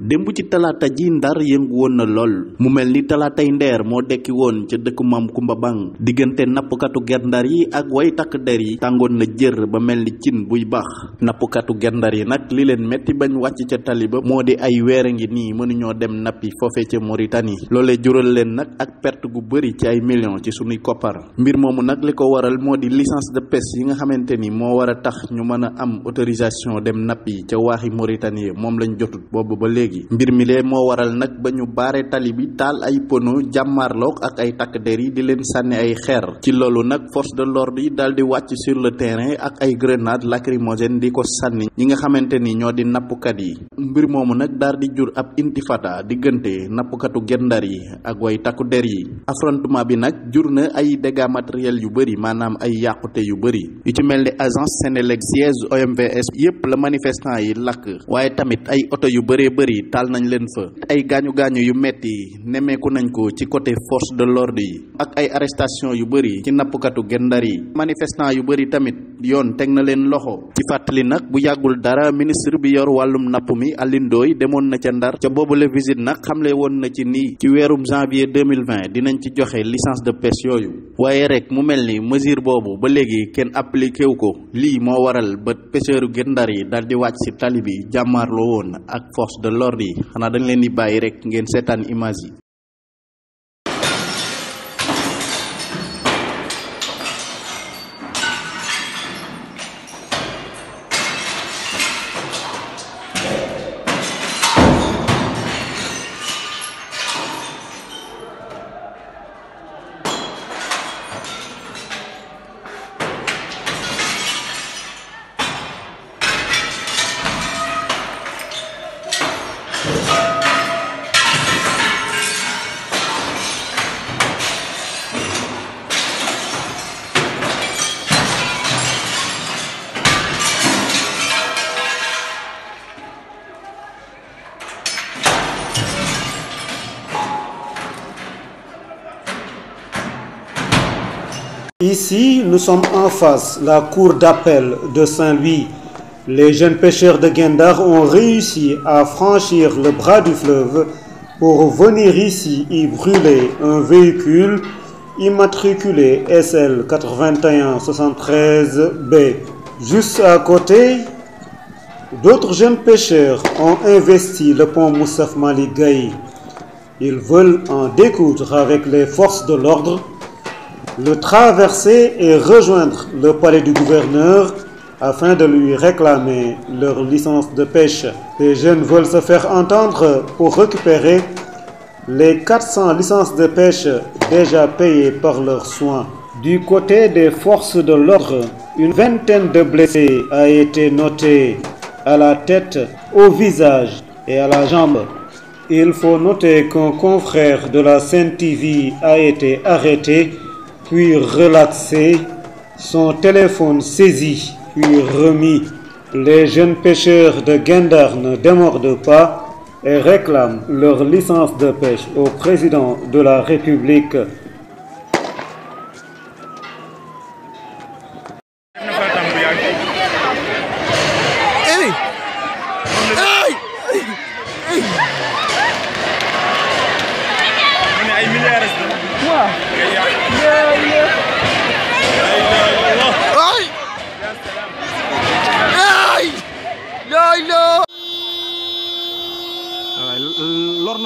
démb ci talaata ji ndar yëngu woon na lool mu mel ni talaatay ndeer moo dekki woon ca dëkk maam Kumba Bang diggante nappkatu ger yi ak way takk der yi tàngoon na jër ba mel ni cin buy baax nappkatu ger yi nag li leen metti bañ wàcc ca taliba moo di ay weer a ngi nii mënuñoo dem nappi foofe ca Mauritanie loolee jural leen nag ak perte gu bëri ci ay millions ci suñuy koppar mbir moomu nag li ko waral moo di licence de pêche yi nga xamante ni moo war a tax ñu mën a am autorisation dem nappi ca waaxi Mauritanie moom lañ jotut boobu ba léegi yi mbir mi lee moo waral nag ba ñu baare tali bi taal ay pono jàmmaarloog ak ay takk der yi di leen sànni ay xeer ci loolu nag force de l'ordre yi daal di wàcc sur le terrain ak ay grenade lacrymogène di ko sànni ñi nga xamante ni ñoo di nappkat yi mbir moomu nag daal di jur ab intifata diggante nappkatu gendar yi ak way takku der yi affrontement bi nag jur na ay dégâts matériels yu bëri maanaam ay yàqute yu bëri yu ci mel ni agence Senelec siège OMVS yépp la manifestant yi lakk yi taal nañ leen fa ay gaañu gaañu yu metti nemmeeku nañ ko ci côté force de l'ordre yi ak ay arrestation yu bëri ci nappkatu gendar yi manifestant yu bëri tamit yoon teg na leen loxo ci fàttali nag bu yàggul dara ministre bi yor wàllum napp mi Alioune demoon na ca Ndar ca boobu boobule visite nag xamle woon na ci nii ci weerum janvier 2020 dinañ ci joxe licence de pêche yooyu waaye rek mu mel ni mesure boobu ba léegi kenn appliqué wu ko lii moo waral ba pêcheuru Guet Ndar yi dal di wàcc si tali bi jàmmaarloo woon ak force de l'ordre yi xanaa dañ leen di bàyyi rek ngeen seetaan image yi Ici, nous sommes en face, la cour d'appel de Saint-Louis. Les jeunes pêcheurs de Guindar ont réussi à franchir le bras du fleuve pour venir ici y brûler un véhicule immatriculé SL 8173B. Juste à côté, d'autres jeunes pêcheurs ont investi le pont Moussaf Malik Gaye. Ils veulent en découdre avec les forces de l'ordre le traverser et rejoindre le palais du gouverneur afin de lui réclamer leur licence de pêche. Les jeunes veulent se faire entendre pour récupérer les 400 licences de pêche déjà payées par leurs soins. Du côté des forces de l'ordre, une vingtaine de blessés a été notée à la tête, au visage et à la jambe. Il faut noter qu'un confrère de la Sainte TV a été arrêté puis relaxé, son téléphone saisi, puis remis. Les jeunes pêcheurs de Gendar ne démordent pas et réclament leur licence de pêche au président de la République.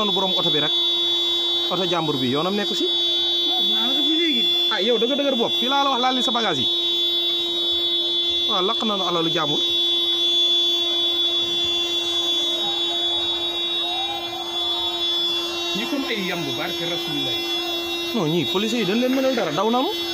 doonoon borom oto bi rek oto jàmbur bi yoonam nekk si. ah yow dëgg dëgër bopp fii laa la wax laal li sa bagage yi waaw laq nañu alalu jàmbur. ñi comme ay yamb barke rasulillah. non ñii police yi dañ leen mënal dara daw nañu.